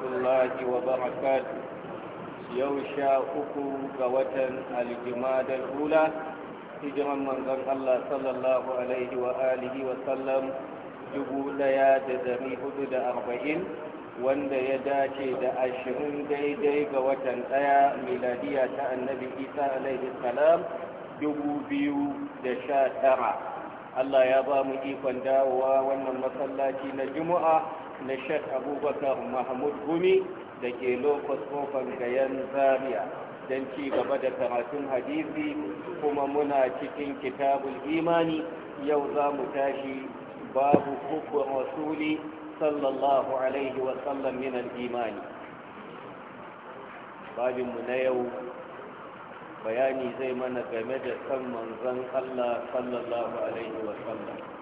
الله وبركاته يوشا أكو قوة الجماد الأولى hijiran manzon Allah sallallahu alaihi wa alihi wa sallam dubu daya da dari hudu da arba'in wanda ya dace da ashirin daidai ga watan daya miladiya ta annabi isa alaihi salam dubu biyu da sha tara Allah ya ba mu ikon dawowa wannan masallaci na juma'a na shek abubakar mahmud gumi da ke lokos kofar gayan zaria don ci gaba da karatun hadisi kuma muna cikin kitabul imani yau za mu tashi babu hukun rasuli sallallahu alaihi wasallam minan imani babinmu na yau bayani zai mana game da san manzon Allah sallallahu alaihi wasallam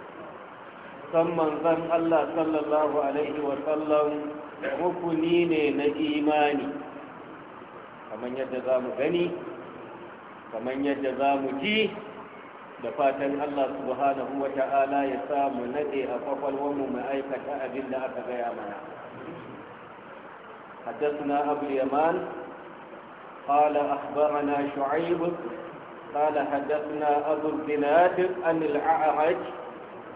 san manzan Allah sallallahu alaihi wasallam rukuni ne na imani kamar yadda za mu gani kamar yadda za mu ji da fatan Allah subhanahu wa ta'ala ya samu nade a kwakwalwarmu mai aikata abin da aka gaya mana حدثنا أبو اليمان قال أخبرنا شعيب قال حدثنا أبو الزناد عن الأعرج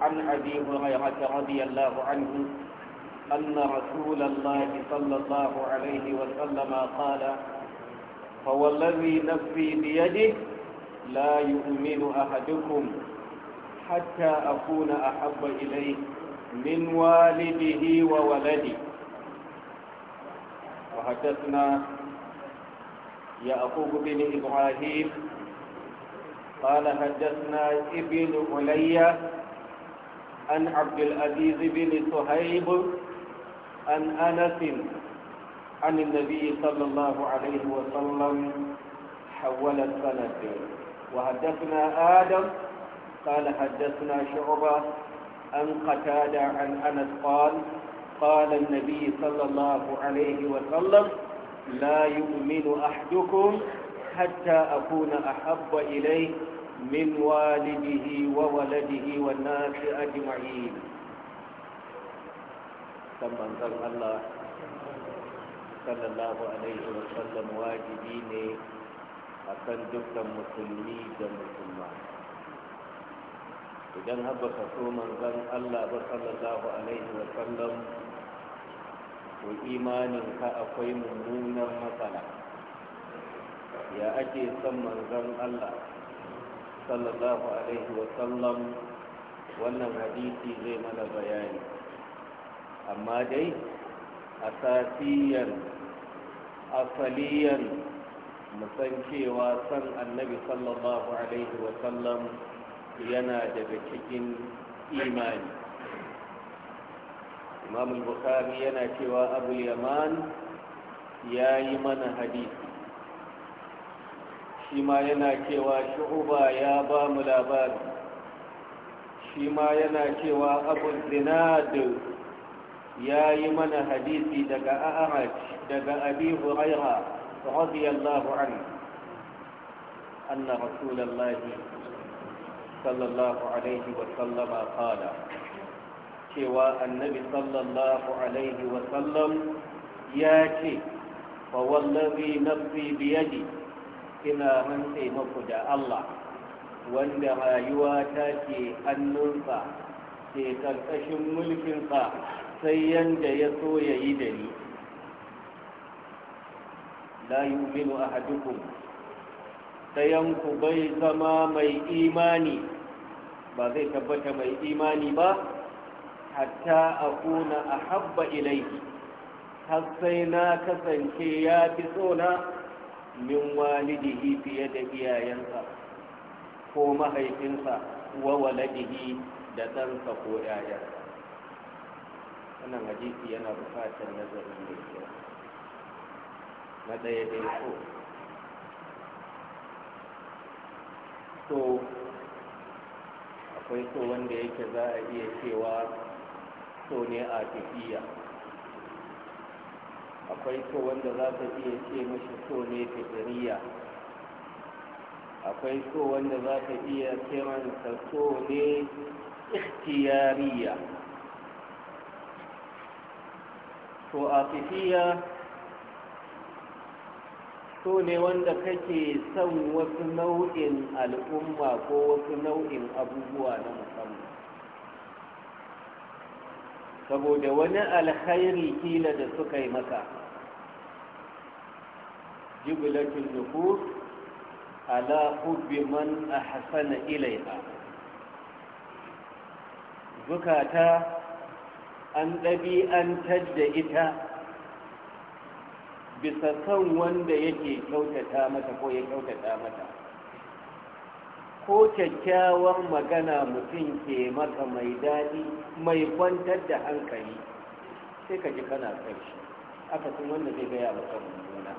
عن أبي هريرة رضي الله عنه أن رسول الله صلى الله عليه وسلم قال فوالذي نفسي بيده لا يؤمن أحدكم حتى أكون أحب إليه من والده وولده وحدثنا يعقوب بن إبراهيم قال حدثنا ابن علي عن عبد العزيز بن صهيب عن أنس عن النبي صلى الله عليه وسلم حول السند وحدثنا آدم قال حدثنا شعبة عن قتادة عن أنس قال قال النبي صلى الله عليه وسلم لا يؤمن أحدكم حتى أكون أحب إليه من والده وولده والناس أجمعين ثم انزل الله صلى الله عليه وسلم واجبين akan dukkan musulmi da musulma idan haka ka so manzan Allah ba sallallahu alaihi sallam to imanin ka akwai mummunar matsala ya ake son manzan Allah sallallahu alaihi wasallam wannan hadisi zai mana bayani amma dai asasiyan asaliyan musan san annabi sallallahu alaihi wasallam yana daga cikin imani imam bukhari yana cewa abul yaman ya yi mana hadisi shi ma yana cewa shu'uba ya ba mu labari shi ma yana cewa abu zinadu ya yi mana hadisi daga ahmad daga abi huraira radiyallahu anhu أن رسول الله صلى الله عليه وسلم cewa annabi sallallahu alaihi wa sallam ya ce fawallazi nafsi biyadi ina rantse muku da Allah wanda rayuwa ta ke hannunsa ke ƙarƙashin mulkinsa sai yanda ya so ya yi da ni la yu'minu ahadukum sayanku bai zama mai imani ba zai tabbata mai imani ba hatta akuna ahabba ilayhi har sai na kasance ya fi tsona min walidihi fiye da iyayensa ko mahaifinsa wa waladihi da ɗansa ko ‘ya'yansa wannan hadisi yana bukatar nazari mai kyau na ɗaya dai so so akwai so wanda yake za a iya cewa so ne a tafiya akwai so wanda za ka iya ce mashi so ne jariya akwai so wanda za ka iya ce ta so ne ikhtiyariya to afifiya so ne wanda kake son wasu nau'in al'umma ko wasu nau'in abubuwa na musamman saboda wani alkhairi kila da suka yi masa jibilatul nufus ala hubbi man ahsana ilaiha zukata an ɗabi'antar da ita bisa son wanda yake kyautata mata ko ya kyautata mata ko kyakkyawar magana mutum ke maka mai daɗi mai kwantar da hankali sai ka ji kana ƙarshe aka sun wanda zai gaya maka mummuna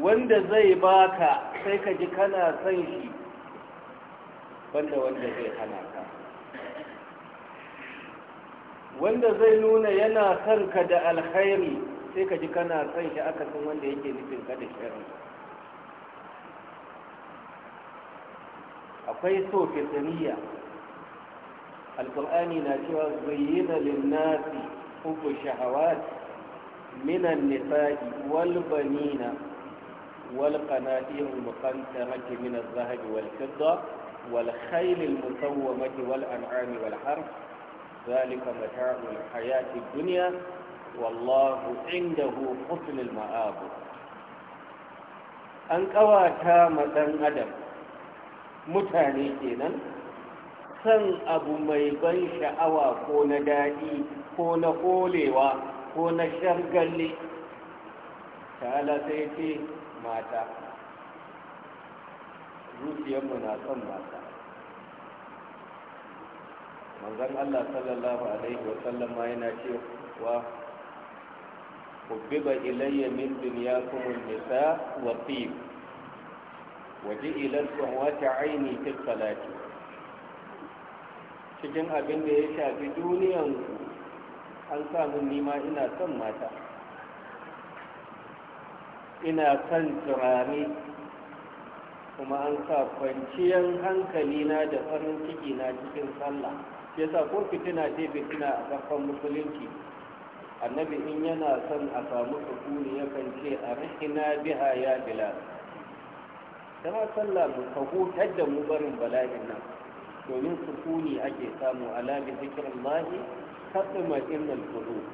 wanda zai baka sai ka ji kana san shi banda wanda zai hana ka wanda zai nuna yana son ka da alkhairi sai ka ji kana san shi aka sun wanda yake nufin ka da shirin فيسو في الدنيا القرآن ناتوا زينا للناس حب الشهوات من النساء والبنين والقناطير المقنطرة من الذهب والفضة والخيل المصومة والأنعام والحرف ذلك متاع الحياة الدنيا والله عنده حسن المآب أنقوى تامة أدم mutane kenan san abu mai ban sha'awa ko na daɗi ko na kolewa ko na shargalle ta'ala sai ce mata zuciyarmu na son mata manzan allah sallallahu alaihi ma yana cewa kubbiba ilayya min duniya kuma nisa wa fiye وجئلت قوة Aini في الصلاة cikin abin da ya shafi duniyan an samun nima ina son mata ina son turare kuma an sa kwanciyar hankali na da farin ciki na cikin sallah ya sa ko fitina ce fitina a kafan musulunci annabi in yana son a samu sukuni kan ce a rikina biha ya bilal kama sallah mu ka hutar da mu barin bala'in nan domin sukuni ake samu ala bi zikrillahi taqma innal qulub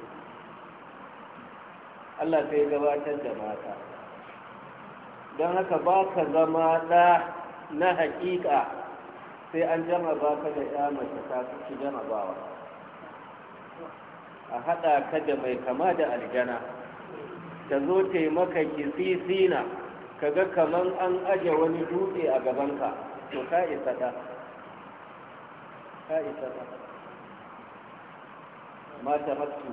Allah sai gabatar da mata don haka ba ka zama ɗa na haƙiƙa sai an ba ka da ya mace ta ci bawa. a haɗa ka da mai kama da aljana ta zo taimaka kisisina kaga kaman an aje wani dutse a gabanka to ka isa ta ka isa ta ma tarattu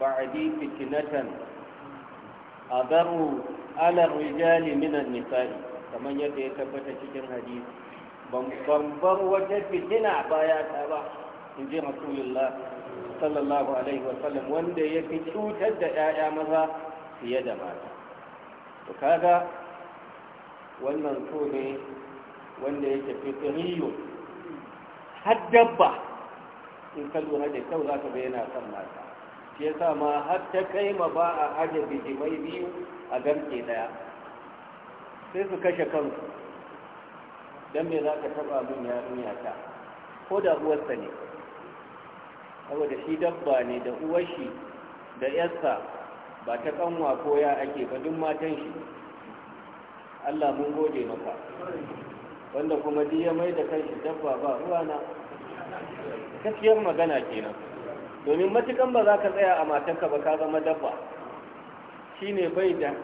ba'di fitnatan adaru ala rijali min an-nisa'i kaman yadda ya tabbata cikin hadisi ban bar wata fitina baya ta ba in ji rasulullah sallallahu alaihi wasallam wanda ya fi cutar da 'ya'ya maza fiye da mata to kaga wannan so ne wanda yake fitriyo har dabba in ka lura da kyau za ka bayyana san mata shi yasa ma har ta kai ma ba a aje bijimai biyu a gamke daya sai su kashe kansu don me za ka taba min yarinya ta ko da uwarsa ne saboda shi dabba ne da uwar shi da yarsa ba ta kanwa ko ya ake ba duk matan shi Allah mun gode maka wanda kuma duk ya mai da kanshi dabba ba na. kafiyar magana kenan domin matukan ba za ka tsaya a matanka ba ka zama dabba shine bai da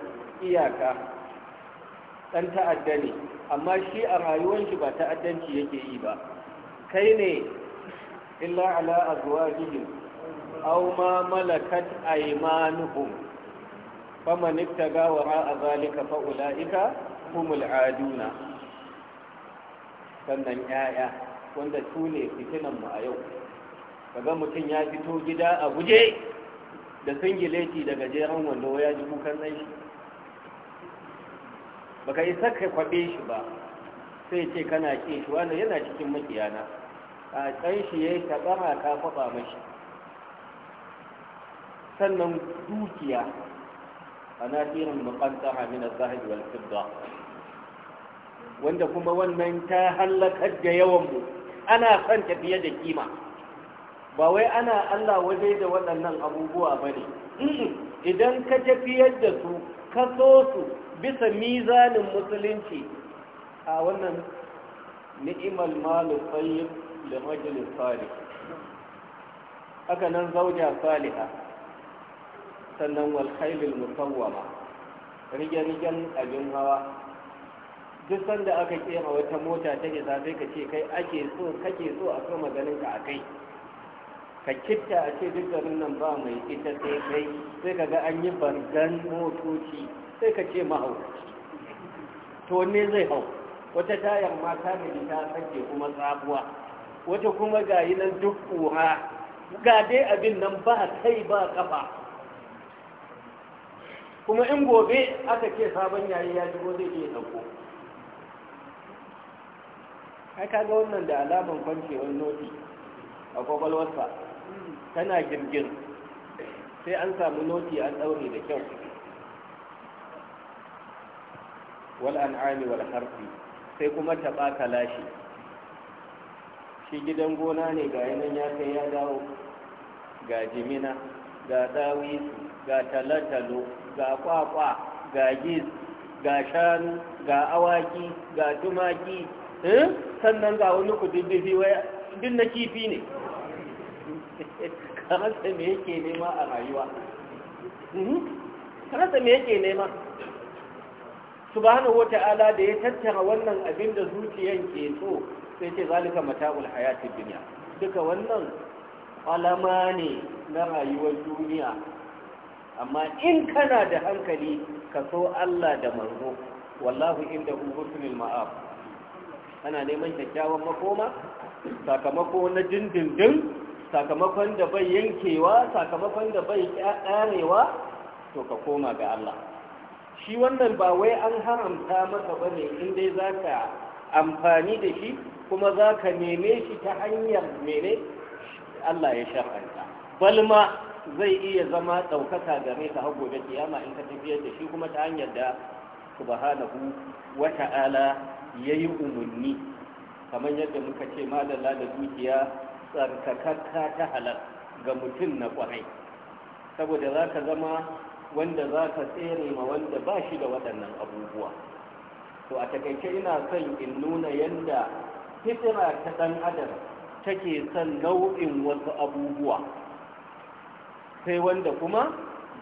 iyaka ɗan ta'adda ne amma shi a rayuwar ba ta'addanci yake yi ba kai ne illa ala azwajihim aw ma malakat aymanuhum faman ibtaga wara zalika fa ulaika humul aduna sannan yaya wanda su ne fitinan mu a yau kaga mutum ya fito gida a guje da singileti da gajeren wando ya ji kukan ɗan shi baka isa saka kwaɓe shi ba sai ce kana ke shi wanda yana cikin makiyana a ɗan shi ya yi taɓara ka faɓa mashi sannan dukiya قناطير مقنطرة من الذهب والفضة wanda kuma wannan ta halakar da yawanmu ana son tafiya da kima ba wai ana Allah waje da waɗannan abubuwa ba ne idan ka tafiyar da su ka so su bisa mizanin musulunci a wannan ni'imal malu tsayin da majalis haka nan zauja salihah sannan wal musamman rigen rige-rigen abin hawa duk sanda aka kema wata mota ta isa sai ka ce kai ake so kake so a kuma ganin ka a kai ka kitta a ce duk garin nan ba mai ita sai kai sai ka ga an yi bangan motoci sai ka ce hau. to ne zai hau wata tayar mata da ta sake kuma tsabuwa wata kuma gayi nan duk ƙura ga dai abin nan ba kai ba kafa kuma in gobe aka ce sabon yayi ya shigo zai iya dauko ai kaga wannan da alaman kwancewar noti a kwakwalwarsa tana girgin sai an samu noti an daure da kyau wal an'ami wal harfi sai kuma ta baka lashi shi gidan gona ne ga yanan ya kai ya dawo ga jimina ga dawisu ga talatalo ga kwakwa ga gis ga shanu ga awaki ga tumaki eh? sannan ga wani kududdufi wai duk na kifi ne karasa me yake nema a rayuwa mhm. karasa me yake nema subhanahu wata'ala da ya tattara wannan abin da zuciyan ke so sai ce zalika mata'ul hayatid dunya duka wannan alama ne na rayuwar duniya amma in kana da hankali ka so Allah da manzo wallahu inda husnul ma'af Kana neman kyakkyawan makoma sakamako na dindindin sakamakon da bai yankewa sakamakon da bai karewa to ka koma ga Allah shi wannan ba wai an haramta maka bane in dai zaka amfani da shi kuma zaka neme shi ta hanyar mene Allah ya shar'anta balma zai iya zama ɗaukaka game ta har gobe kiyama in ka tafiyar da shi kuma ta hanyar da subhanahu wa ta'ala yayi umarni kamar yadda muka ce madalla da dukiya tsarkakakka ta halal ga mutum na kwarai saboda za ka zama wanda za ka tsere ma wanda ba shi da waɗannan abubuwa to a takaice ina son in nuna yadda fitira ta ɗan adam take son nau'in wasu abubuwa sai wanda kuma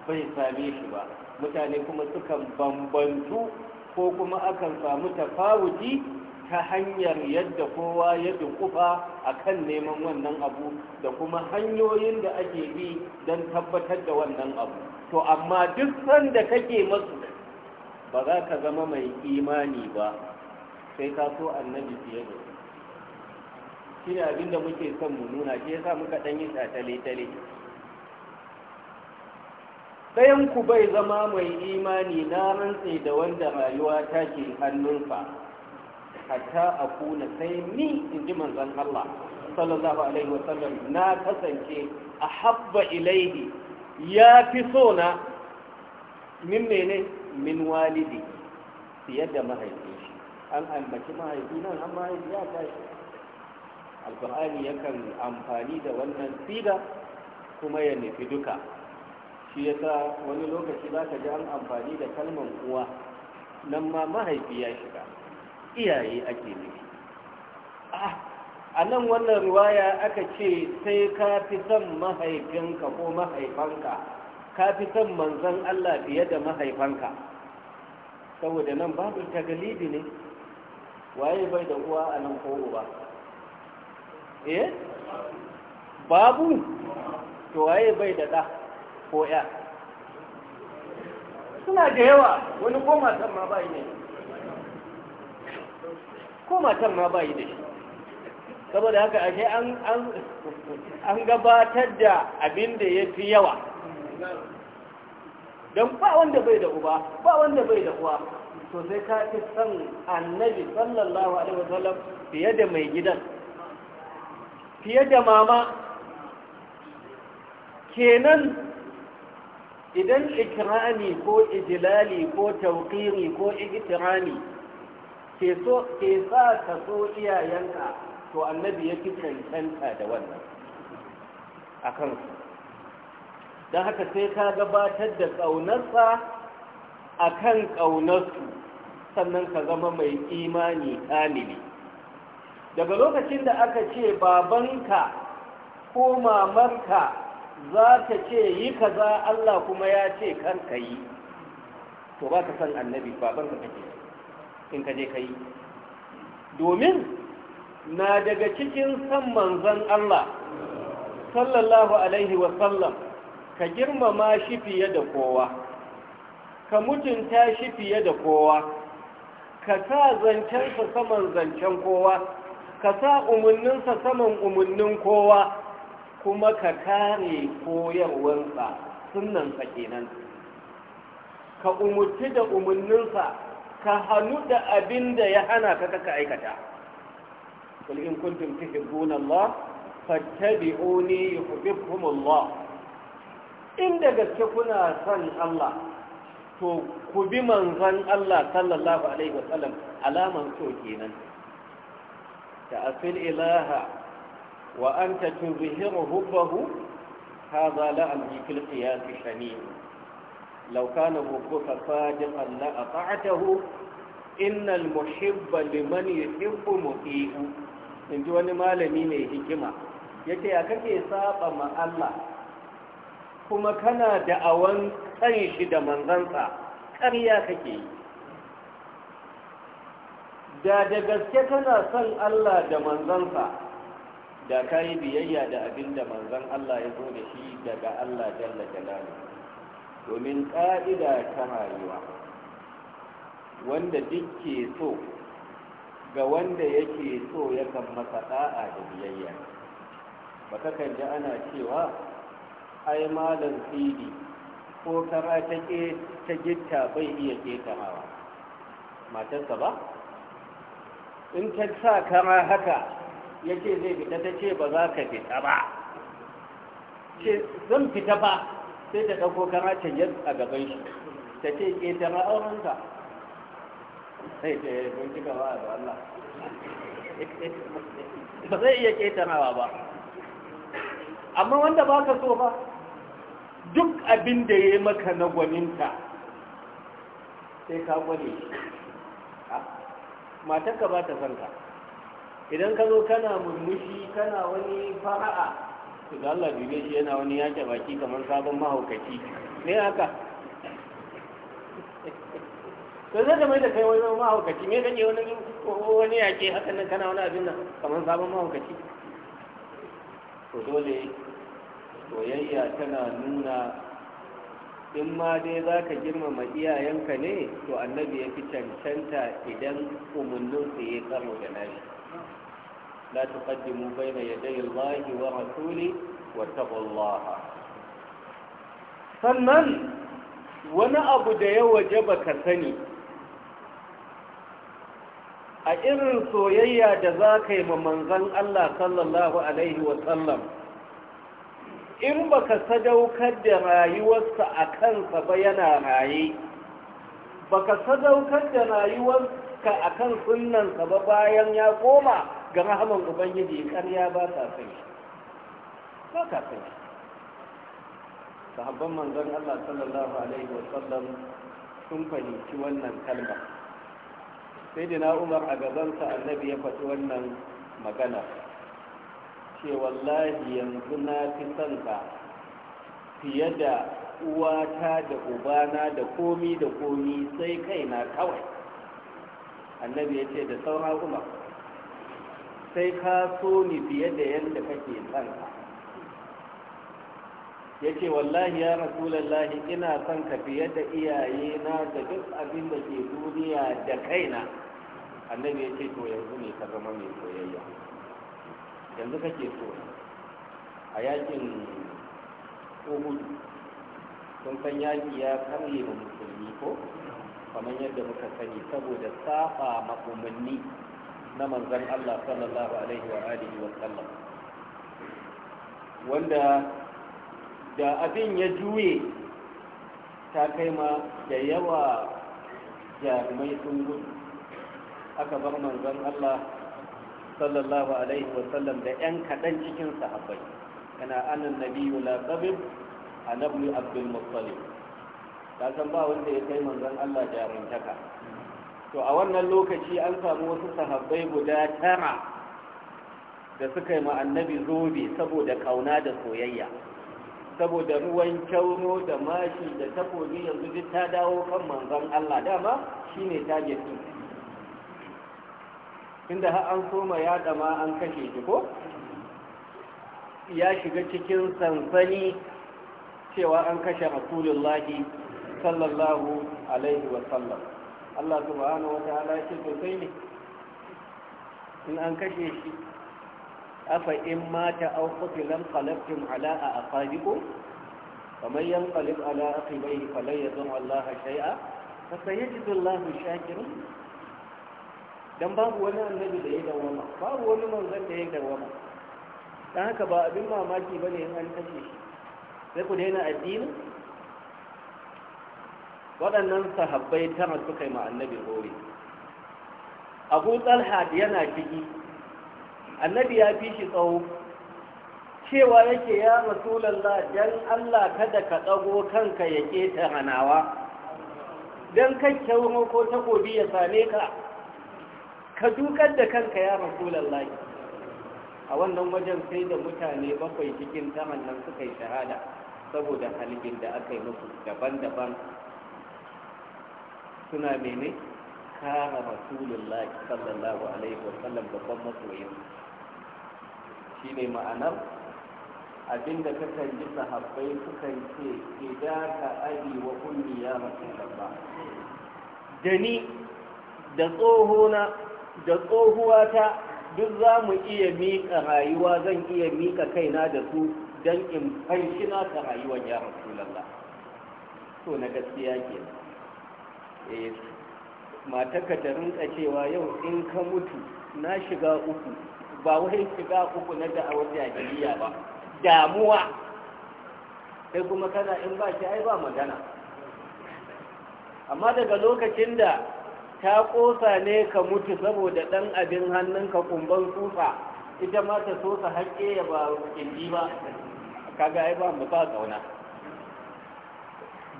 bai same shi ba mutane kuma sukan bambantu ko kuma akan samu tafawuti ta hanyar yadda kowa ya dukufa a kan neman wannan abu da kuma hanyoyin da ake bi don tabbatar da wannan abu to amma duk sanda kake masu ba za ka zama mai imani ba sai ka so annabi fiye da shi ne abinda muke son mu nuna shi ya sa muka ɗan yi tatale-tale ɗayan ku bai zama mai imani na rantse da wanda rayuwa ta ke hannunsa hatta a kuna sai ni in ji manzan Allah sallallahu alaihi wasallam na kasance a habba ilaihi ya fi so na min mene min walidi fiye da mahaifi shi an ambaci mahaifi nan an mahaifi ya tashi alkur'ani yakan amfani da wannan siga kuma ya nufi duka shi yasa wani lokaci za ka ji an amfani da kalmar uwa nan ma mahaifi ya shiga iyaye ake nufi ah, a nan wannan ruwaya aka ce sai ka fi son mahaifinka ko mahaifanka ka fi son manzan Allah fiye da mahaifanka saboda nan babu tagalibi ne waye bai da uwa a nan ko uba eh babu to waye bai da ɗa ko ya suna da yawa wani ko matan ma bayi ne ko matan ma bayi da shi saboda haka ashe an gabatar da abin da ya fi yawa don ba wanda bai da uba ba wanda bai da uwa to sai ka fi son annabi sallallahu alaihi wasallam fiye da mai gidan fiye da mama kenan idan Ikirani ko ijilali ko tauƙiri ko ikirami ke sa ka so iyayenka to annabi ya fi cancanta da wannan a kansu haka sai ka gabatar da ƙaunarsa a kan ƙaunarsu sannan ka zama mai imani kamili daga lokacin da aka ce babanka ko mamarka za ta ce yi kaza Allah kuma ya ce kan ka yi to ba ka san annabi baban ka kake in ka je ka yi domin na daga cikin san manzon Allah sallallahu alaihi wasallam ka girmama shi fiye da kowa ka mutunta shi fiye da kowa ka sa zancensa saman zancen kowa ka sa umarninsa saman umarnin kowa kuma ka kare koyarwarsa sunansa kenan ka umurci da umarninsa ka hannu da abin da ya hana ka kaka aikata kul in kuntum tuhibbuna Allah fattabi'uni yuhibbukum Allah in da gaske kuna son Allah to ku bi manzon Allah sallallahu alaihi wasallam alaman so kenan ta asil ilaha wa an ta tuzhiru hubbahu hadha la amji fil qiyas shanin law kana hubbuka sadiqan la ata'tahu innal mushibba liman yuhibbu muti'u inji wani malami mai hikima ce a kake saba ma Allah kuma kana da'awan kan shi da manzansa ƙarya kake yi da da gaske kana son Allah da manzansa da ka yi biyayya da abinda da manzon Allah ya zo da shi daga Allah jalla jalali domin ƙa'ida ta rayuwa wanda duk so ga wanda yake so yakan masa ɗa'a da biyayya ba kakan ji ana cewa ai malam sidi ko kara ta gitta bai iya ketarawa matarsa ba in ta sa kara haka ya ce zai fita ta ce ba za ka fita ba ce zan fita ba sai ta ɗauko kama canjar a gaban shi ta ce ƙetare aurensa sai ta yi kun cika ba da Allah ba zai iya ƙetarawa ba amma wanda ba ka so ba duk abin da ya yi maka na gwaninta sai ka gwane ah, ka ba ta son ka idan ka zo kana murmushi kana wani fara'a to da Allah dube shi yana wani yake baki kamar sabon mahaukaci ne haka to zai da mai da kai wani mahaukaci me kake wani wani yake haka nan kana wani abin nan kamar sabon mahaukaci to dole soyayya tana nuna in ma dai za ka girmama iyayenka ne to annabi ya fi cancanta idan umarninsu ya karo da nashi لا تقدموا بين يدي الله ورسوله واتقوا الله sannan wani abu da ya waje baka sani a irin soyayya da za ka yi manzan Allah sallallahu Alaihi wasallam in baka sadaukar da rayuwarsa a kansa ba yana raye baka sadaukar da rayuwarka a kan sunansa ba bayan ya koma ga rahaman ubangiji karya ba ta san ba ta san sahabban manzon Allah sallallahu alaihi wasallam sun fahimci wannan kalma sai dina Umar a gabansa annabi ya faɗi wannan magana ce wallahi yanzu na fi son ka fiye da uwata da ubana da komi da komi sai kaina kawai annabi ya ce da sauran umar sai ka so ni fiye da yadda kake son ka yace wallahi ya rasulullahi ina son ka fiye da iyaye na da duk abin da ke duniya da kaina annabi ce to yanzu ne ka zama mai soyayya yanzu kake so a yakin uhud sun san yaki ya karye wa musulmi ko kamar yadda muka sani saboda saba makomanni. na manzan Allah sallallahu alaihi wa alihi wa sallam wanda da abin ya juye ta kai ma da yawa jarumai sun gudu aka bar manzan Allah sallallahu alaihi wa sallam da 'yan kaɗan cikin sahabbai kana anan nabiyu la tabib a nabi abdul muttalib ta san ba wanda ya kai manzan Allah jarumtaka to a wannan lokaci an samu wasu sahabbai guda tara da suka yi ma annabi zobe saboda kauna da soyayya saboda ruwan kyauro da mashi da takobi yanzu duk ta dawo kan manzon Allah dama shine target din tunda har an soma ya dama an kashe shi ko ya shiga cikin sansani cewa an kashe rasulullahi sallallahu alaihi wasallam Allah subhanahu wata'ala ya ce to ne in an kashe shi afa in mata aw qutilan qalabtum ala aqabikum faman yanqalib ala aqibayhi falan yadhur Allah shay'a fa sayajidu Allah shakirin dan babu wani annabi da ya dawama babu wani manzon da ya dawama dan haka ba abin mamaki bane in an kashe shi sai ku daina addini waɗannan sahabbai tara suka yi ma annabi abu talha yana ciki annabi ya fi shi tsawo cewa yake ya rasulun dan allah kada ka ɗago kanka ya keta hanawa don kakkyawar ko takobi ya same ka ka dukar da kanka ya rasulallah a wannan wajen sai da mutane bakwai cikin taman nan suka yi shahada saboda halibin da aka yi musu daban-daban suna mene kara rasulullah sallallahu alaihi wasallam babban masoyin shi ne ma'anar abinda kakan ji sahabbai sukan ce idan ka abi wa ummi ya rasulullah da ni da tsohona da tsohuwata duk za mu iya miƙa rayuwa zan iya miƙa kaina da su don in fanshina ta rayuwar ya rasulullah to na gaskiya kenan Eh, mataka ta rinka cewa yau in ka mutu na shiga uku ba wai shiga uku na da da'awar jahiliya ba damuwa sai kuma kana in ba shi ai ba magana amma daga lokacin da ta kosa ne ka mutu saboda ɗan abin hannunka kumban tsufa ita ma ta so ka haƙe ya ba ƙindi ba kaga ai ba mu ba ƙauna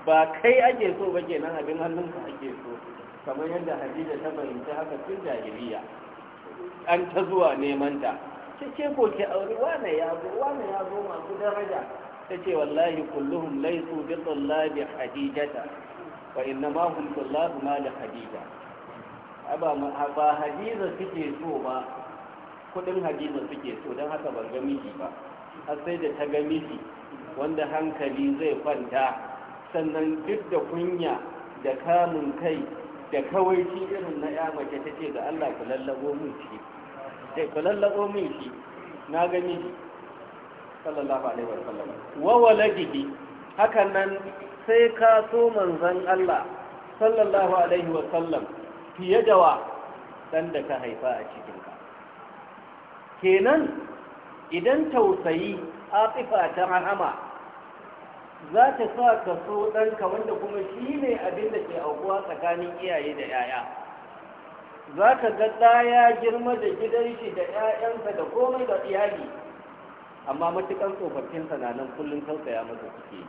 ba kai ake so ba ke kenan abin hannunka ake so kamar yadda hadija ta fahimci haka tun jahiliya an ta zuwa neman ta ce ko ki aure wane ya zo wane ya zo masu daraja ta ce wallahi kulluhum laisu bi tullabi hadijata wa ma hum tullabu ma da hadija ba ba hadiza suke so ba kudin hadiza suke so don haka ban ga miji ba har sai da ta ga miji wanda hankali zai kwanta sannan duk da kunya da kamun kai da kawaici irin na ya mace ta ce ga Allah ku lallabo min shi sai ku lallabo min shi na gani sallallahu alaihi wa sallam wa waladihi hakan nan sai ka so manzon Allah sallallahu alaihi wa sallam fiye da wa dan da ka haifa a cikin ka kenan idan tausayi atifa ta rahama za ta sa ka so ɗanka wanda kuma shi ne abin da ke aukuwa tsakanin iyaye da 'ya'ya za ka ga ɗaya girma da gidan shi da 'ya'yansa da komai da iyali amma matuƙan tsofaffin sananan kullum tausaya masa suke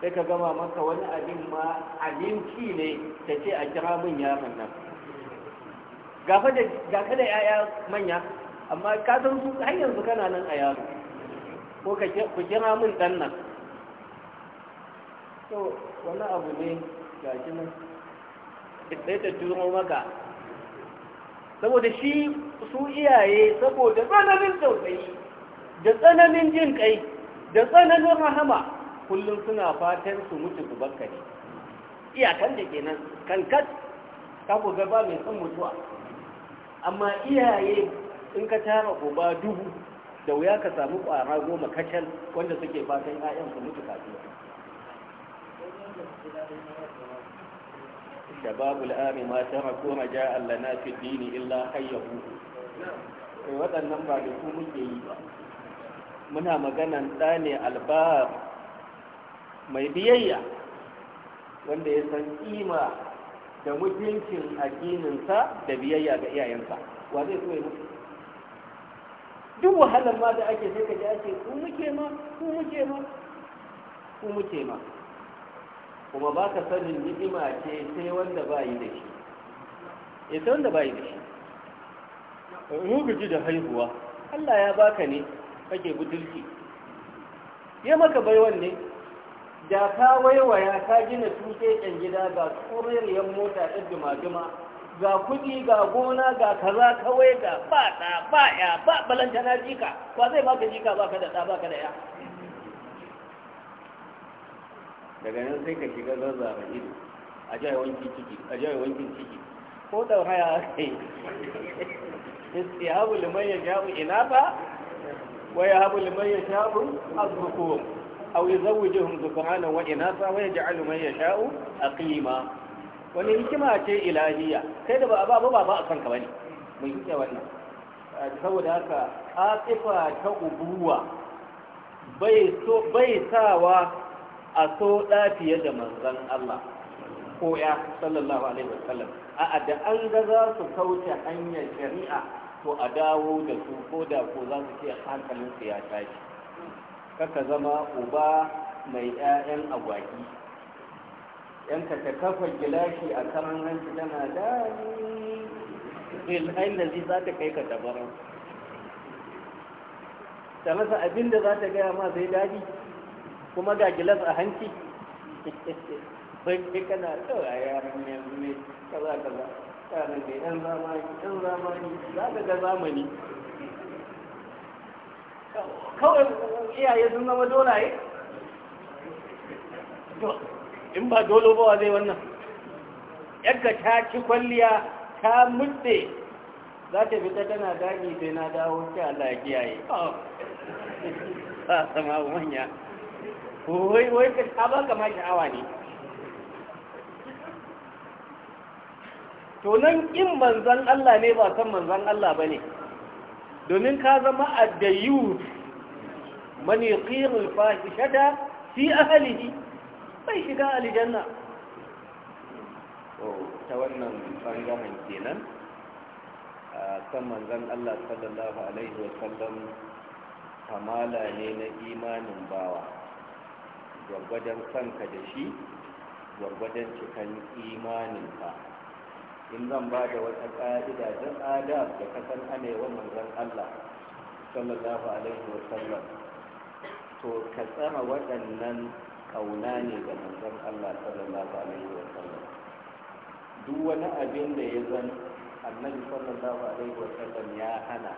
sai ka gama maka wani abin ma abinci ne ta ce a kira min yaron nan gafa da 'ya'ya manya amma ka san su har yanzu kana nan a yaro ko ku kira min ɗannan? nan to wani abu ne ga shi nan ta turo maka saboda shi su iyaye saboda tsananin tausayi da tsananin jin kai da tsananin rahama kullum suna fatan su mutu su bakka ne iyakan da kenan kankat ta ku gaba mai son mutuwa amma iyaye in ka tara uba dubu da wuya ka samu ƙwara goma kacal wanda suke fatan 'ya'yan su mutu kafin shababul ami ma taraku raja'an lana fi dini illa hayyahu kai eh, waɗannan ba da ku muke yi ba muna maganan ɗa ne albar mai biyayya wanda ya san kima da mutuncin addininsa da biyayya ga iyayensa wa zai so ya duk wahalar ma da ake sai ka ji ake ku muke ma ku muke ma ku muke ma kuma ba ka sanin ni'ima ce sai wanda ba yi da shi eh, sai wanda ba yi da shi ruguji da haihuwa Allah ya baka ne kake budurki. ya maka baiwan ne da ka waiwaya ka gina tuke ɗan gida ga tsoriyar mota ɗin jima-jima ga kuɗi ga gona ga kaza kawai ga ba ɗa ba ya ba balanta na jika ba zai baka jika ba ka da ɗa ba ka da ya daga nan sai ka shiga zazzara ido a jai wankin ciki a jai wankin ciki ko da haya kai istihabu liman yasha'u inafa wa yahabu liman yasha'u azrukum aw yuzawwijuhum dhukrana wa inafa wa yaj'alu man yasha'u aqima wani hikima ce ilahiya kai da ba a ba ba ba a kanka bane mun yi wannan saboda haka ƙaƙifa ta ubuwa bai sawa a so ɗa fiye da manzan Allah ko ya sallallahu alaihi wasallam a da an ga za su kauce hanyar shari'a to a dawo da su ko da ko za su hankalin su ya tashi kaka zama uba mai ƴaƴan agwagi yanka ta kafa gilashi a karan hanci tana dani ilayin da za ta kai ka tabaran ta masa abin da za ta gaya ma zai dadi kuma ga gilas a hanci wani kana tsawa yaran yanzu ne kaza kaza yaran da yan zamani yan zamani za ka ga zamani kawai iyaye sun zama dolaye in ba dolo ba wa zai wannan yadda ta ci kwalliya ta mutse za ta fita tana daji sai na dawo ta Allah ya kiyaye ba sama manya wai wai ka saba kama sha'awa ne to nan kin manzan Allah ne ba san manzan Allah bane domin ka zama addayu man yuqirul fahishata fi ahlihi bai shiga aljanna to ta wannan bangaren kenan kan manzan Allah sallallahu alaihi wasallam kamala ne na imanin bawa gwargwadon kanka da shi gwargwadon imanin imaninka in zan ba da wata ƙa'ida don adab da kasan wa manzon Allah sallallahu alaihi wa sallam to ka tsara waɗannan ƙauna ne ga manzon Allah sallallahu alaihi wa sallam duk wani abin da ya zan annabi sallallahu alaihi wa sallam ya hana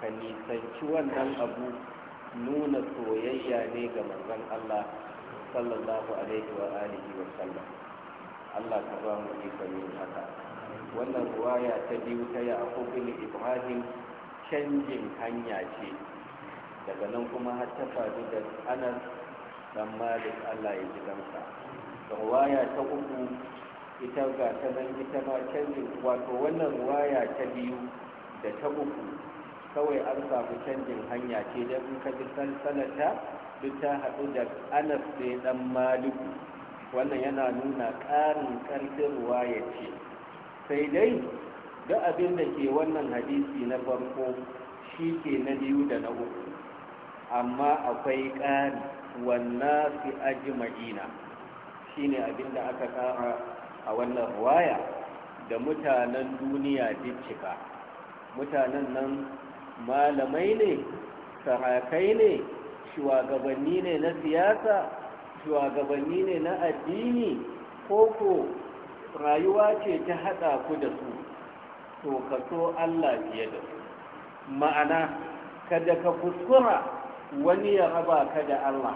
ka nisanci wannan abu nuna soyayya ne ga manzon Allah sallallahu alaihi wa alihi wa sallam Allah ka ba mu ikon yin haka wannan ruwaya ta biyu ta Yaqub bin Ibrahim canjin hanya ce daga nan kuma har ta faru da Anas dan Malik Allah ya ji kansa ruwaya ta uku ita ga ta nan ita ma canjin wato wannan ruwaya ta biyu da ta uku kawai an samu canjin hanya ce don ka ji salsalata duk ta haɗu da anas ya ɗan maliku wannan yana nuna ƙarin ƙarfin ruwa ya ce sai dai duk abin da ke wannan hadisi na farko shi ke na biyu da na uku amma akwai ƙari wannan fi aji ma'ina shi ne abin da aka ƙara a wannan ruwaya da mutanen duniya cika. mutanen nan malamai ne sarakai ne shugabanni ne na siyasa shugabanni ne na addini koko rayuwa ce ta haɗa ku da su to ka so Allah fiye da su ma'ana kada ka kuskura wani ya raba ka da Allah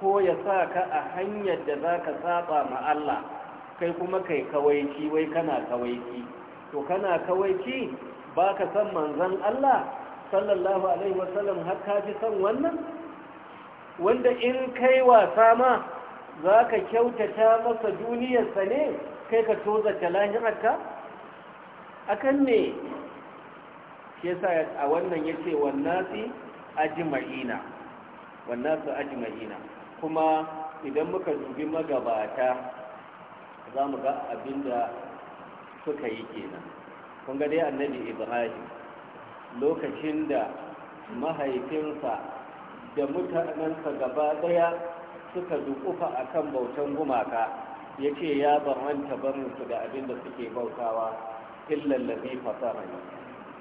ko ya sa ka a hanyar da za ka saba ma Allah kai kuma kai kawaiki wai kana kawaiki to kana kawaiki ba ka san manzan Allah sallallahu alaihi wasallam har ka fi san wannan wanda in kai wasa ma za ka kyautata masa duniyarsa ne kai ka tozata lahirarka akan ne Ke sa a wannan ya ce wannan ajma'ina wannasu ma'ina. kuma idan muka dubi magabata za mu ga abinda suka yi kenan kun ga dai annabi ibrahim lokacin da mahaifinsa da mutanensa gaba daya suka dukufa akan bautan gumaka ya ce ya baranta barinsu da abin da suke bautawa illallazi fasarani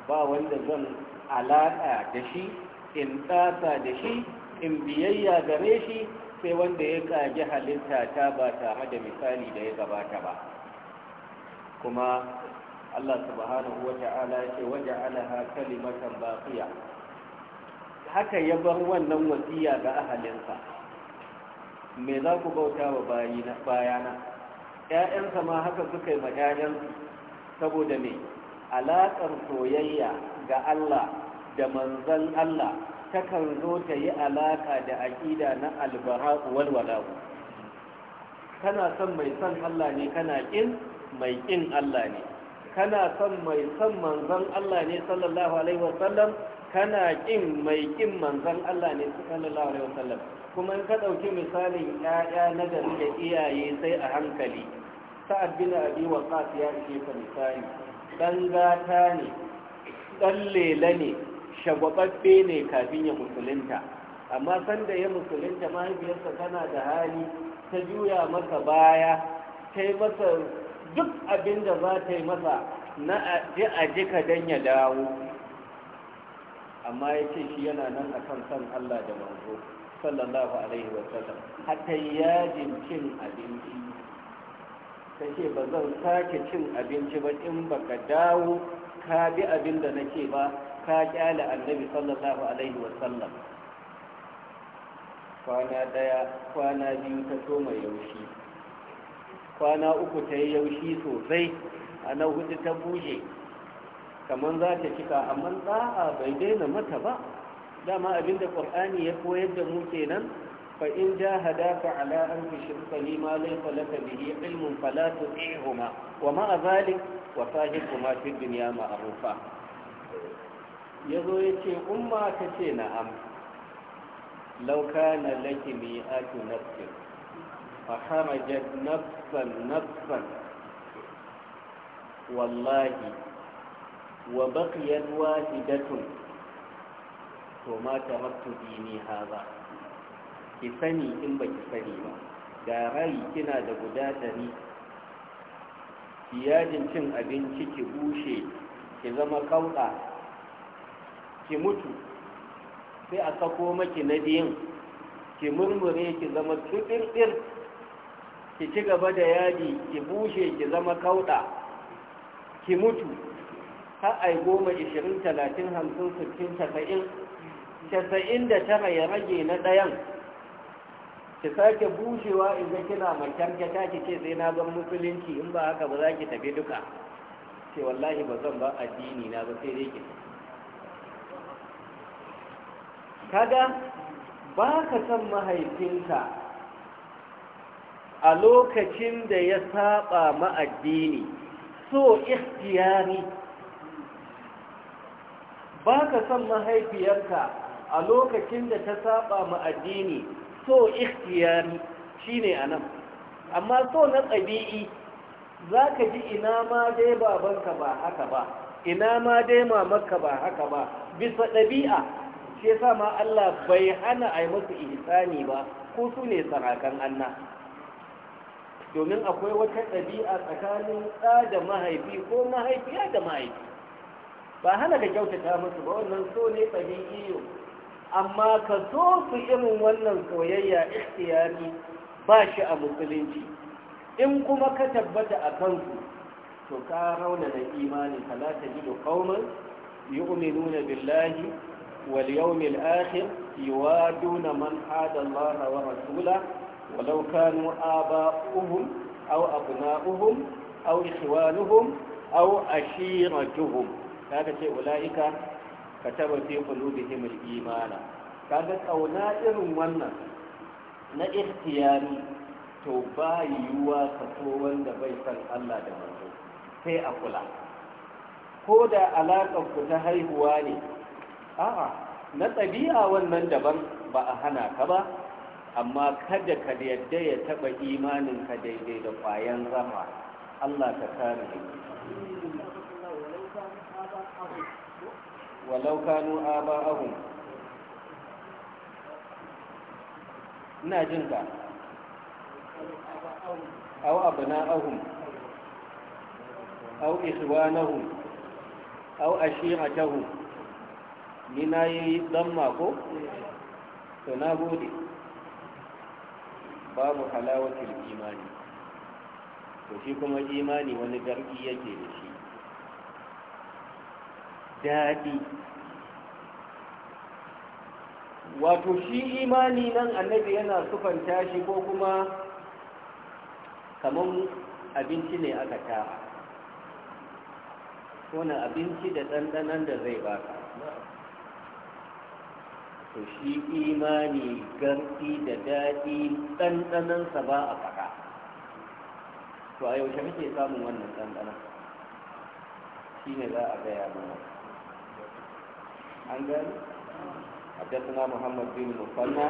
ba wanda zan alaƙa da shi in tsasa da shi in biyayya gare shi sai wanda ya kage halitta ta ba tare da misali da ya gabata ba kuma Allah subhanahu wa ta'ala ya ce waje alaha kalimatan baqiya haka ya bar wannan wasiya ga ahalinsa me za ku bauta wa bayana ‘ya'yansa ma haka suka yi ma ‘ya'yansu saboda me alaƙar soyayya ga Allah da manzan Allah takan zo ta yi alaƙa da aƙida na albara walwala'u kana son mai son Allah ne kana ƙin mai ƙin Allah ne kana son mai son manzan Allah ne sallallahu alaihi wasallam kana ƙin mai ƙin manzan Allah ne sallallahu alaihi wasallam kuma in ka dauki misalin 'ya'ya na gari da iyaye sai a hankali sa'ad bin abi qas ya ce ka misali dan gata ne dan lela ne shagwabbe ne kafin ya musulunta amma san da ya musulunta mahaifiyarsa tana da hali ta juya masa baya ta masa duk abin da za ta yi masa na aje ka dan ya dawo amma ya ce shi yana nan akan san Allah da manzo sallallahu alaihi wa sallam hatta yajin cin abinci ta ce ba zan sake cin abinci ba in baka dawo ka bi abin da nake ba ka kyale annabi sallallahu alaihi wa sallam kwana daya kwana biyu ta soma yaushi kwana uku ta yi yaushi sosai a na hudu ta buje kamar za ta cika amma ɗa'a bai daina mata ba dama abinda ƙur'ani ya koyar da mu kenan fa in jahadaka ala an tushrika lima laysa laka bihi ilmun fala tu'ihuma wa ma zalik wa sahibhuma fid dunya ma'rufa yazo yace umma tace na'am law na laki mi'atu nafsin fa harajat nafsan nafsan wallahi wa baqiyat wahidatun to ma tamattu dini haza ki sani in baki sani ba ga rai kina da guda dari yajin cin abinci ki bushe ki zama kauɗa ki mutu sai a sako maki na biyun ki murmure ki zama tuɗirɗir ki ci gaba da yadi ki bushe ki zama kauɗa ki mutu har ai goma ishirin talatin hamsin sittin casa'in da tara ya rage na ɗayan ki sake bushewa in ga kina makyarkata ki ce sai na zan musulunci in ba haka ba za ki tafi duka ce wallahi ba zan ba addini na ba sai dai ki kaga ba ka san mahaifinka a lokacin da ya saba ma addini so ikhtiyari ba ka son mahaifiyarka a lokacin da ta saba ma addini so ikhtiyari shine anan amma so na tsabi'i za ka ji ina ma dai babanka ba haka ba ina ma dai mamarka ba haka ba bisa ɗabi'a shi yasa ma Allah bai hana a yi musu ihsani ba ko su ne sarakan Allah domin akwai wata ɗabi'a tsakanin ɗa da mahaifi ko mahaifiya da mahaifi ba hana da kyautata musu ba wannan so ne tabi'iyyu amma ka so su irin wannan soyayya ikhtiyari ba shi a musulunci in kuma ka tabbata a kansu to ka rauna da imani ka la tajidu qauman na billahi wal yawmil akhir yuwaduna man hada Allah wa rasulahu walau kanu aba'uhum aw abna'uhum aw ikhwanuhum aw ashiratuhum kaga ce ula'ika ka taba fi qulubihim al-imana kaga kauna irin wannan na ikhtiyari to ba yiwuwa ka to wanda bai san Allah da manzo sai a kula ko da alaƙar ku ta haihuwa ne a'a na ɗabi'a wannan daban ba a hana ka ba amma kada ka yadda ya taɓa ka daidai da ƙwayan zama Allah ka kare walau kanu aba'ahum ina jin ka aw abna'ahum aw ikhwanahum aw ashiratahum ni na yi damma ko to na gode babu halawatul imani to shi kuma imani wani garki yake da shi daɗi wato shi imani nan annabi yana sufanta shi ko kuma kamar abinci ne aka tara wani abinci da ɗanɗanan da zai baka to shi imani garɗi da daɗi ɗanɗanansa ba a faɗa to a yaushe muke samun wannan ɗanɗanan shi ne za a gaya mana عن حدثنا محمد بن مصنع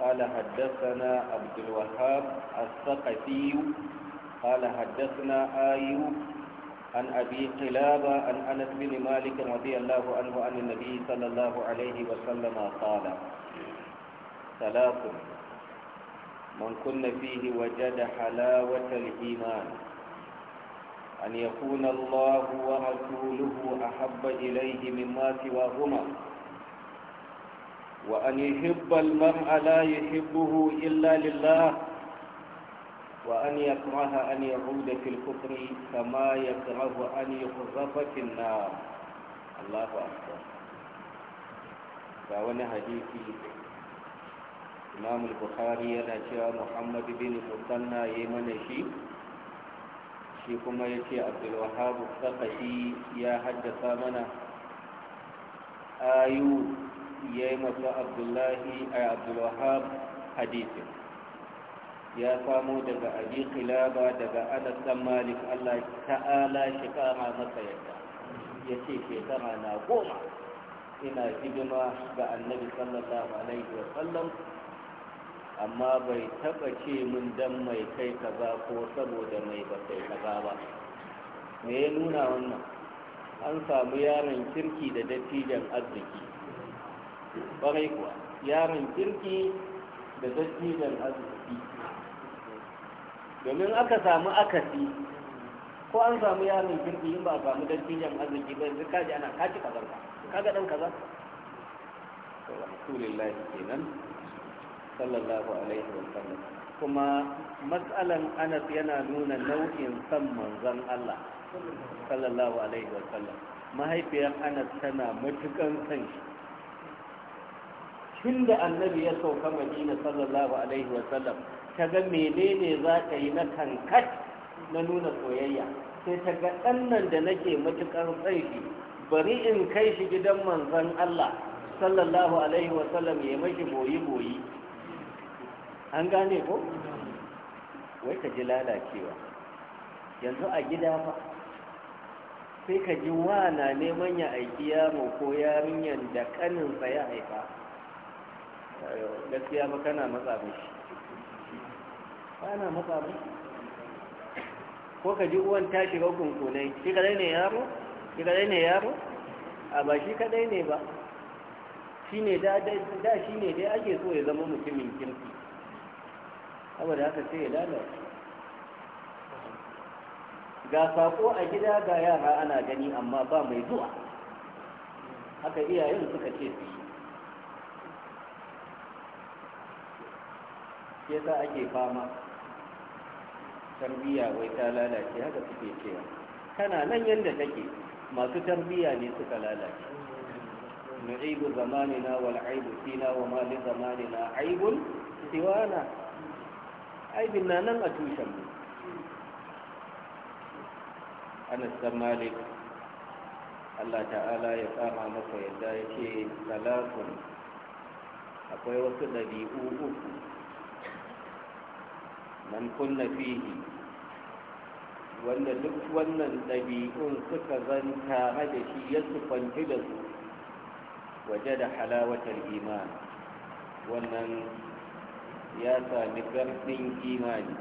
قال حدثنا عبد الوهاب الثقفي قال حدثنا آيوب عن أبي قلابة عن أنس بن مالك رضي الله عنه عن النبي صلى الله عليه وسلم قال ثلاث من كن فيه وجد حلاوة الإيمان أن يكون الله ورسوله أحب إليه مما سواهما وأن يحب المرء لا يحبه إلا لله وأن يكره أن يعود في الكفر كما يكره أن يخرف في النار الله أكبر فأنا حديثي إمام البخاري أنا محمد بن مثنى يمنشي shi kuma ya ce abdulwahabu sakashi ya haddasa mana ayu ya yi masu abdullahi a abdulwahab hadisin ya samo daga abi khilaba daga anas malik allah ta'ala shekara masa yadda ya ce shekara na goma ina hidima ga annabi sallallahu alaihi wa amma bai taba ce mun dan mai kai kaza ko saboda mai ba kai kaza ba me ya nuna wannan an samu yaron kirki da dattijan arziki ƙwarai kuwa yaron kirki da dattijan arziki domin aka samu akasi ko an samu yaron kirki in ba a samu dattijan arziki ba yanzu kaji ana kaci kazar ka kaga dan kaza to alhamdulillah kenan sallallahu alaihi wasallam kuma matsalan anas yana nuna nau'in san manzon Allah sallallahu alaihi wasallam mahaifiyar anas tana matukan san shi tun da annabi ya sauka madina sallallahu alaihi wasallam ta ga menene za ka yi na kankat na nuna soyayya sai ta ga ɗannan da nake matuƙar tsaifi bari in kai shi gidan manzon Allah sallallahu alaihi wasallam ya mashi boyi boyi an gane ko wai ka ji lalacewa yanzu a gida fa sai ka ji wa na neman ya aiki yaro ko yarinyar da kaninsa ya haifa gaskiya ba kana matsa mishi kana matsa mishi ko ka ji uwan ta shiga kunkunai shi kadai ne yaro shi kadai ne yaro a ba shi kadai ne ba shi ne da shi ne dai ake so ya zama mutumin kirki saboda haka sai ya lalace ga sako a gida ga yara ana gani amma ba mai zuwa haka iyayen suka ce su yi sa ake fama tarbiyya wai ta lalace haka suke cewa tana nan yadda take masu tarbiyya ne suka lalace Na aibu zamanina wal aibu fina wa ma zamanina aibun siwana aibin na nan a tushen mu anas malik Allah ta'ala ya tsama masa yadda ya ce salatun akwai wasu ɗabi'u uku man kunna fihi wanda duk wannan ɗabi'un suka zanta da shi ya sufanci da su waje da halawatar iman wannan ya sami ƙarfin imani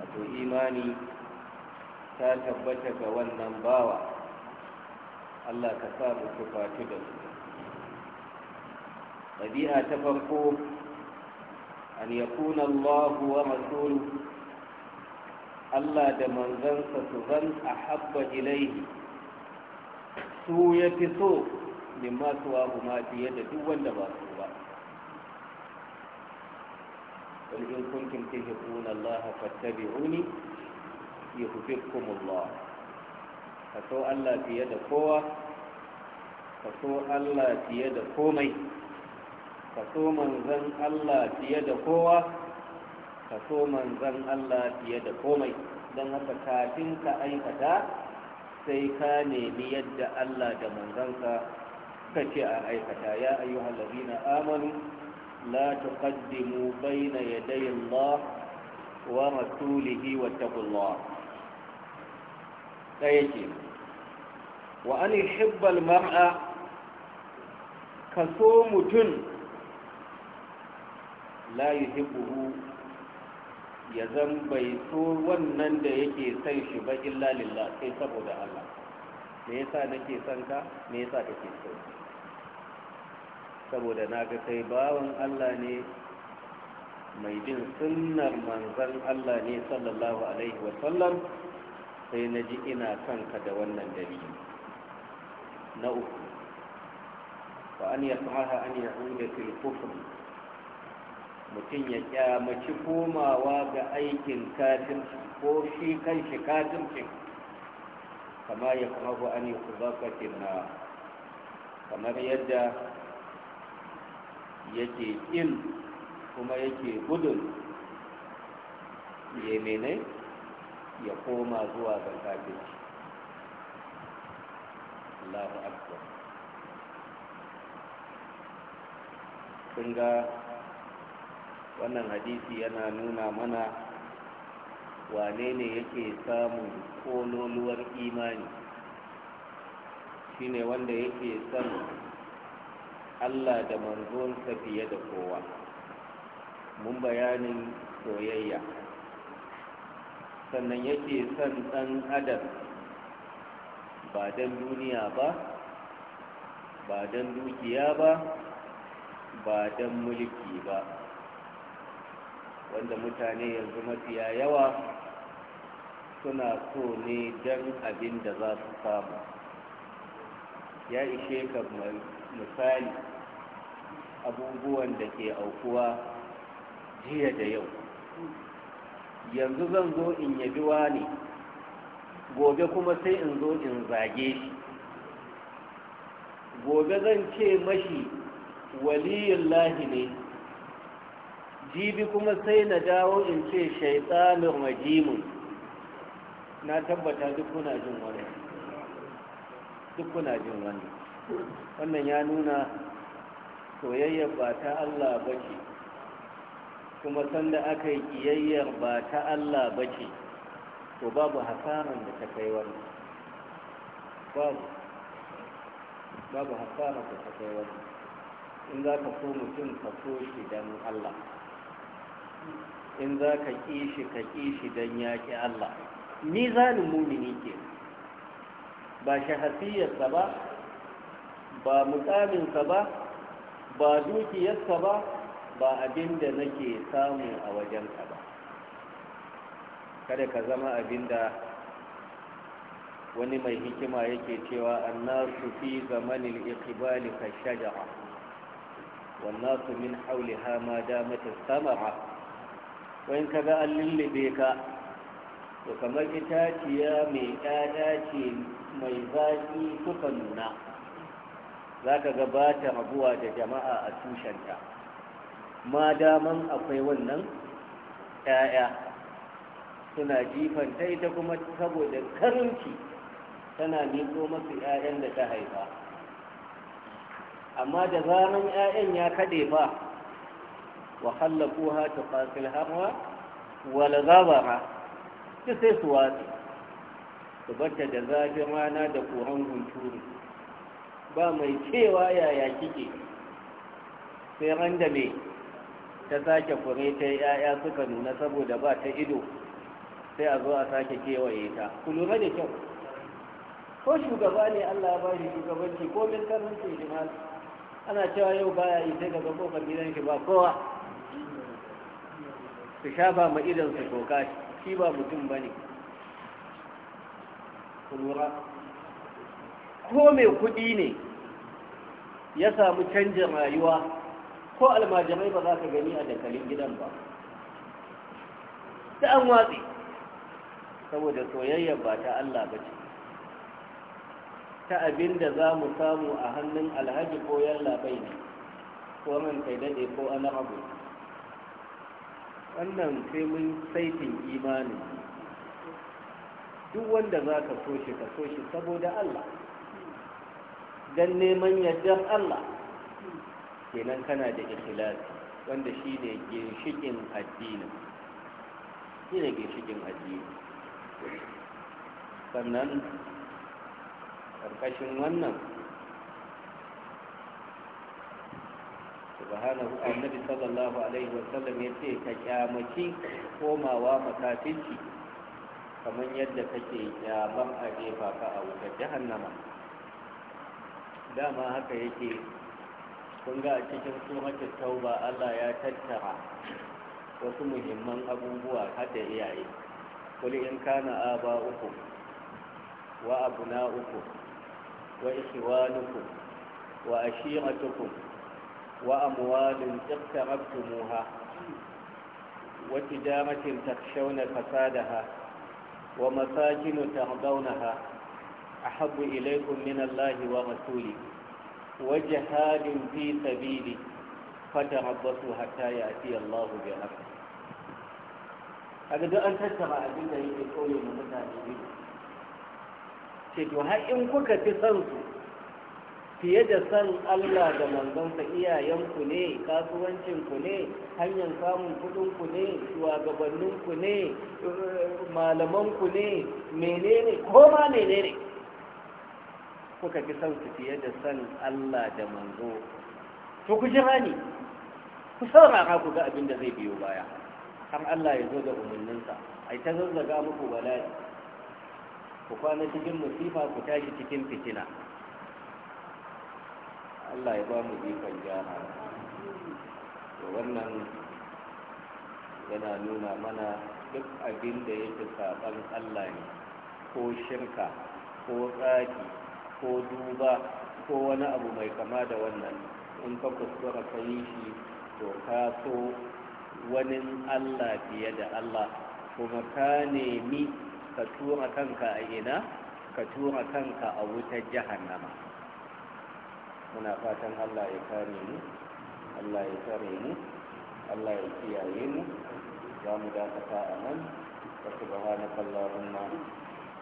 wato imani ta tabbata ga wannan bawa Allah ka sa mu tufatu da su ɗabi'a ta farko an yakuna Allah wa rasuluhu Allah da manzansa su zan a habba ilaihi su ya fi so min masu ma fiye da duk wanda ba su قل إن كنتم تحبون الله فاتبعوني يحببكم الله فسو الله في يد قوة فسو الله في يد قومي فسو من ذن الله في يد قوة فسو من ذن الله في يد قومي don haka kafin ka aikata sai ka nemi yadda Allah da manzansa kace a aikata ya ayyuhallazina amanu لا تقدموا بين يدي الله ورسوله واتقوا الله سيدي وأن يحب المرأة كصوم جن لا يحبه ya zan bai so wannan da yake san shi ba illa lillah sai saboda Allah me yasa nake son ka me yasa kake so saboda na ga kai bawan Allah ne mai bin sunnar manzan Allah ne sallallahu alaihi wasallam sai na ji ina kanka da wannan dalili na uku wa an yasmaha an yahuda fil kufr mutum ya kyamaci komawa ga aikin kafirci ko shi kan shi kafirci kama ya kuma an yi kubaka na kamar yadda yake in kuma yake gudun yemene ya koma zuwa ga kafirci Allahu akbar kun ga wannan hadisi yana nuna mana wane ne yake samun kololuwar imani shine wanda yake san Allah da manzon manzonsa fiye da kowa mun bayanin soyayya sannan yake son ɗan adam ba don duniya ba ba don dukiya ba ba don mulki ba wanda mutane yanzu mafiya yawa suna so ne don abin da za su samu ya ishe kamar misali abubuwan da ke aukuwa jiya da yau yanzu zan zo in yabi wani gobe kuma sai in zo in zage shi gobe zan ce mashi waliyin lahi ne jibi kuma sai na dawo in ce shaitanin majimun na tabbata duk kuna jin duk kuna jin wani wannan ya nuna soyayyar ba ta Allah ba ce kuma sanda aka yi ƙiyayyar ba ta Allah ba ce to babu hasaran da ta kai wannan babu babu hasaran da ta kai wannan in za ka so mutum ka so shi don Allah in za ka ƙi shi ka ƙi shi don ya ƙi Allah ni zanin ne ke ba shahasiyarsa ba ba mukaminsa ba ba dukiyarsa ba ba abin da nake samu a wajenka ba kada ka zama abin da wani mai hikima yake cewa annasu fi zamanin ikibali ka shajara wannasu min hauliha ma damatin samara wayan ka ga an lullube ka to kamar itaciya mai 'ya'ya ce mai zaƙi suka nuna za ka gabata rabuwa da jama'a a tushenta ma daman akwai wannan ‘ya'ya suna jifan ta ita kuma saboda karunci tana miƙo masu ‘ya'yan da ta haifa amma da zaran ‘ya'yan ya kaɗe fa. wa ko ta fasil hamwa wala zabara sai su wasu su barta da zafin rana da koran hunturu ba mai cewa yaya kike sai ran da mai ta sake fure ta yaya suka nuna saboda ba ta ido sai a zo a sake kewaye ta ku lura da kyau ko shugaba ne allah ya ba shi shugabanci ko min karfin shi ma ana cewa yau baya yi sai daga kofar gidan shi ba kowa su sha ba ma idan su koka shi ba mutum ba ne ku lura ko mai kuɗi ne ya samu canjin rayuwa ko almajirai ba za ka gani a dakalin gidan ba ta an watsi saboda soyayyar ba ta Allah ba ce ta abin da za mu samu a hannun alhaji ko labai ne ko man kai dade ko an rabu wannan sai mun saitin imanin duk wanda za ka so shi ka so shi saboda Allah don neman yardar Allah kenan kana da ikhlasi wanda shi ne ginshikin addini shi ne ginshikin addini sannan ƙarƙashin wannan subhanahu annabi sallallahu alaihi wasallam ya ce ka kyamaki komawa makafinci kamar yadda kake kyamar a jefa ka a wutar jahannama dama haka yake kun ga a cikin suratul tauba Allah ya tattara wasu muhimman abubuwa har da iyaye Kuli in kana uku, wa uku, wa ikhwanukum wa ashiratukum wa amwalun iqtarabtumuha wa tijaratin takshawna fasadaha wa masakin tardawnaha أحب إليكم من الله ورسوله وجهاد في سبيله فتربصوا حتى يأتي الله بأمره kaga duk an tattara abin da yake koyo na mutane biyu ce to har in kuka fi san su fiye da san Allah da manzonsa iyayenku ne kasuwancinku ne hanyar samun kudinku ne shugabanninku ne malamanku ne menene ko ma menene ne suka fi son su fiye da san Allah da manzo to ku jira ni ku saurara ku ga abin da zai biyo baya har Allah ya zo da umarninsa ai ta zazzaga muku bala'i ku kwana cikin musifa ku tashi cikin fitina Allah ya ba mu ikon gyara to wannan yana nuna mana duk abin da yake sabon Allah ne ko shirka ko tsaki ko duba ko wani abu mai kama da wannan in ka kuskura ka yi shi to ka so wani allah fiye da allah kuma ka nemi ka tura kanka a ina ka tura kanka a wutar jahannama muna fatan allah ya kare mu allah ya kare mu allah ya kiyaye mu za mu dakata a nan wasu subhanaka allahumma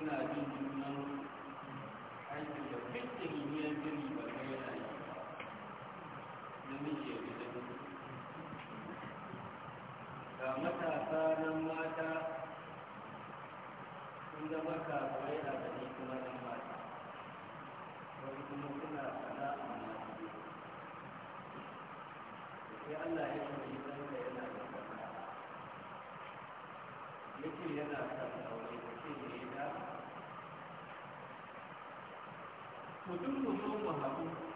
suna jin junan aiki da fitin yin jini ba kai yana yi na miji ya fi zai ga matasa na mata sun zama kasuwai a gani kuma nan mata wani kuma suna sana a mata sai Allah ya kuma yi zanga yana da kasa yake yana وجود ص و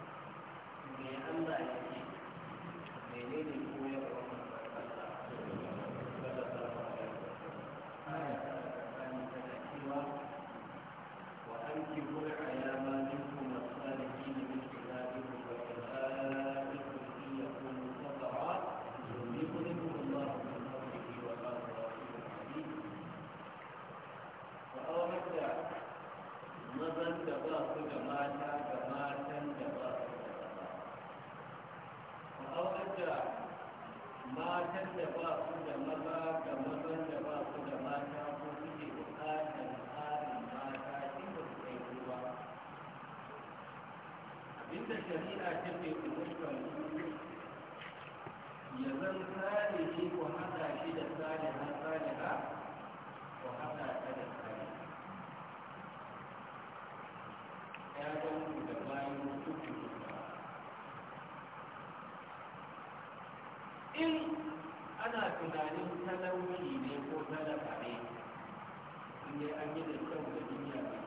matan da ba su da maza da mazan da ba su da mata ko suke buƙatar tsarin mata shi ba su kai ruwa abinda shari'a ta ke ku mushkan ya zan tsari ne ku haɗa shi da tsari na tsari ha ku haɗa ta da tsari ya zan ku da bayan mutum in ana tunanin talauci ne ko talaka ne inda an yi da kyau da duniya ba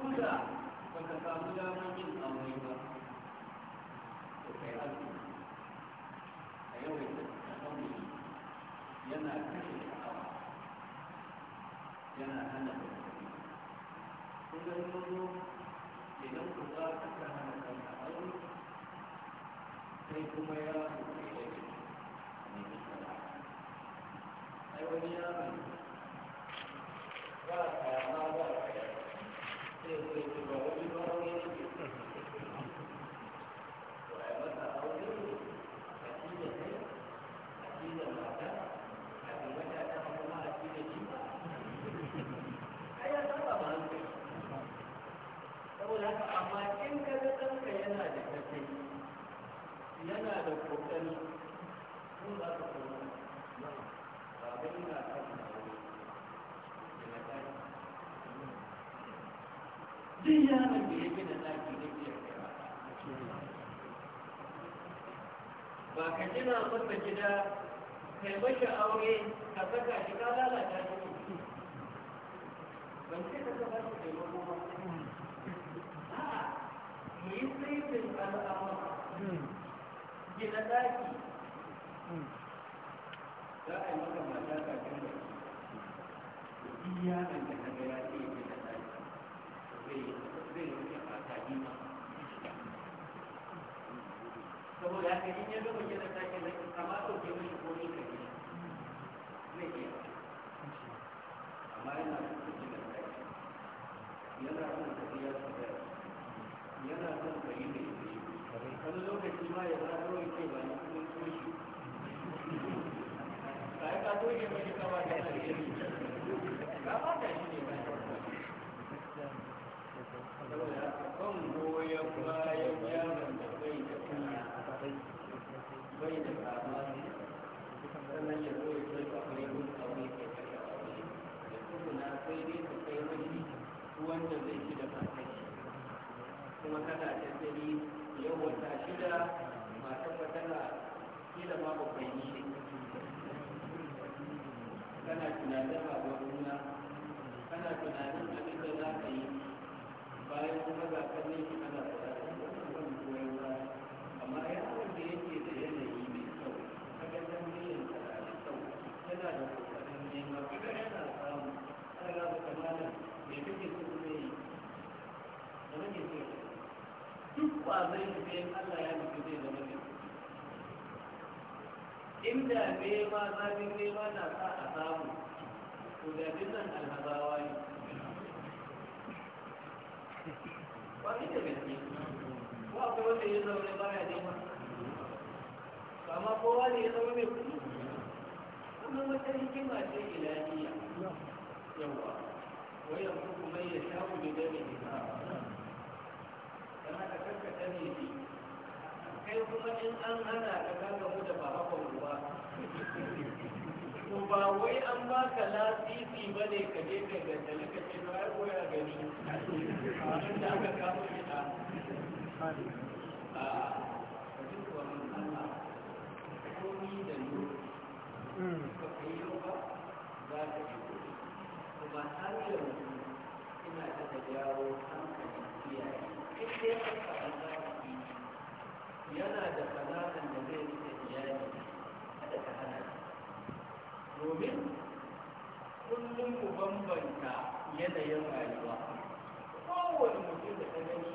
guda ba ka samu damar yin aure ba to kai azumi a yau da ta yana kashe sha'awa yana hana da kun ga yanzu idan ku za ka ta hana kanka aure sai kuma ya ku kai da ne ai wani yaron duk yaron da ya gina ɗaki da biyar ba ka gina masa gida kai mashi aure ka saka shi ka lalata shi ban ce ka saka shi taimako ba a'a mu yi saifin al'amura gina ɗaki za a yi maka mata kafin da shi yaron da ka ga ya ce saboda haka in ya gama sake na ke mashi ka gina zai amma yana gina sake yana son su da yana son ka yi wani lokaci ma ya zara kawai ce ba ni kuma ba ya ka mashi kawai da ya ba ta shi bayan yaron da bai da kunya a bai da kama sannan ya zo ya kai kwakwai mun aure ke kashe aure da na sai dai ka kai mashi wanda zai ci da matashi kuma kana da tsari yau wata shida masu ba tana kila ma bakwai ne kana tunanin babuwar nuna kana tunanin abin da za ka yi bayan kuma ga kan ne kana malam me kake so kuma yi da nake so ya duk ba zai yi Allah ya nufi zai zama ne inda zafin na sa a samu to da nan alhazawa ne wani da gaske ko akwai wanda ya zama ne baya nema Kama kowa ne ya zama mai kuɗi kuma wata hikima ce ilahiya yawa ويرزق من يشاء بغير حساب كما تكفت به kai kuma in an hana ka kaga mu da barakon ruwa to ba wai an baka lasisi ba ne ka je ka gantali ka ce ba ya koya gani abin da aka kama shi a a duk wannan Allah komi da lokaci ka kai yau ba za ka yi kuɗi amma har yanzu ina daga jawo hankalin kiyaye. in dai an faɗa za ku yi yana da sana'an da zai rike iyali kada ka hana domin kullum ku bambanta yanayin rayuwa kowane mutum da ta gani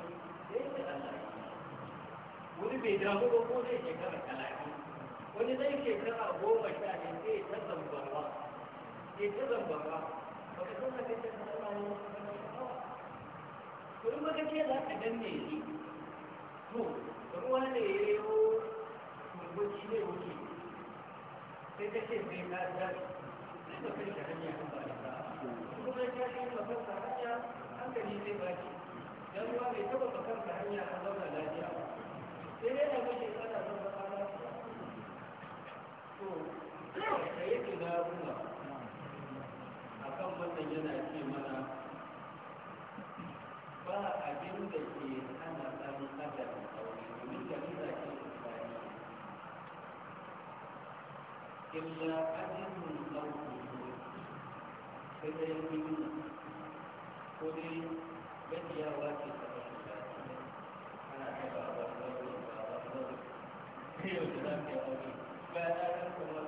zai da Allah wani bai damu ba ko zai shekara talatin wani zai ke shekara goma sha ne zai ta zambarwa zai ta zambarwa kudin baka ce za ka to da ya yi kurgoci ne wuce sai ka ce ka ka kan ba da kuma ya ce hankali zai ba ce ruwa bai taba ba kansa hanya lafiya sai dai na gashi ana zama ana da yake kan wannan yana ce mana ba abin da ke hana ɗan adam aure domin jarida ce islami illa ajin ɗauki sai dai nuna ko dai gajiyawa ce ta fahimta ana ta ba ba ba ba ba ba ba ba ba ba ba ba ba ba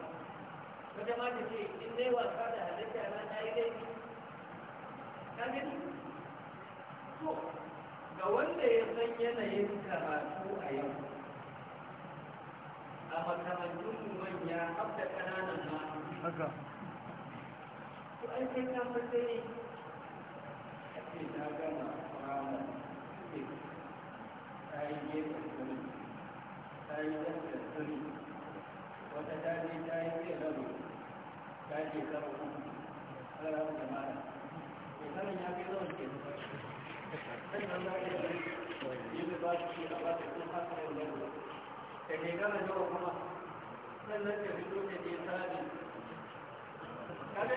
wata ma ta ce in dai wasa da halitta na ta yi laifi ka gani to ga wanda ya san yanayin karatu a yau a makarantun manya har da ƙananan ma haka to an sai ka matsayi a ce ta gama fara ta yi gefen sani ta yi gefen sani wata ta je ta yi gefen ta da ke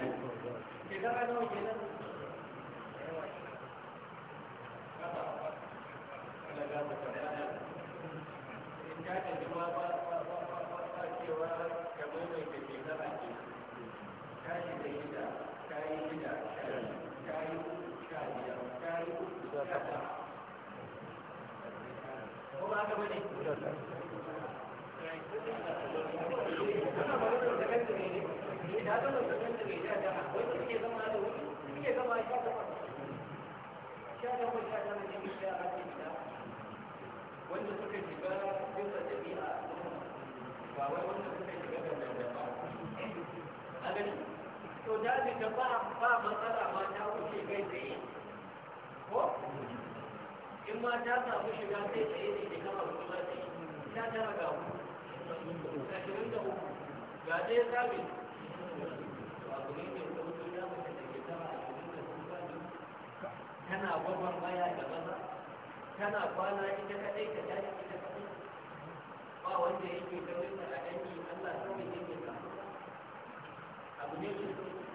nufa yau da kenan hakinta wanda suka shiga bisa jami'a ba wai wanda suka shiga da ba a gani to da ka ba ba matsala ma ta wuce kai tsaye ko in ma ta samu shiga kai tsaye ne da kama kuma ta yi ta tara ga ku ashirin da uku ga ɗaya sabis wato ne ke kuma ya mace da ke tara ashirin da uku tana gwagwarmaya da maza kana kwana ita kadai ka tashi ita kadai ba wanda yake da wani a dangi Allah ya yi ka abu ne mai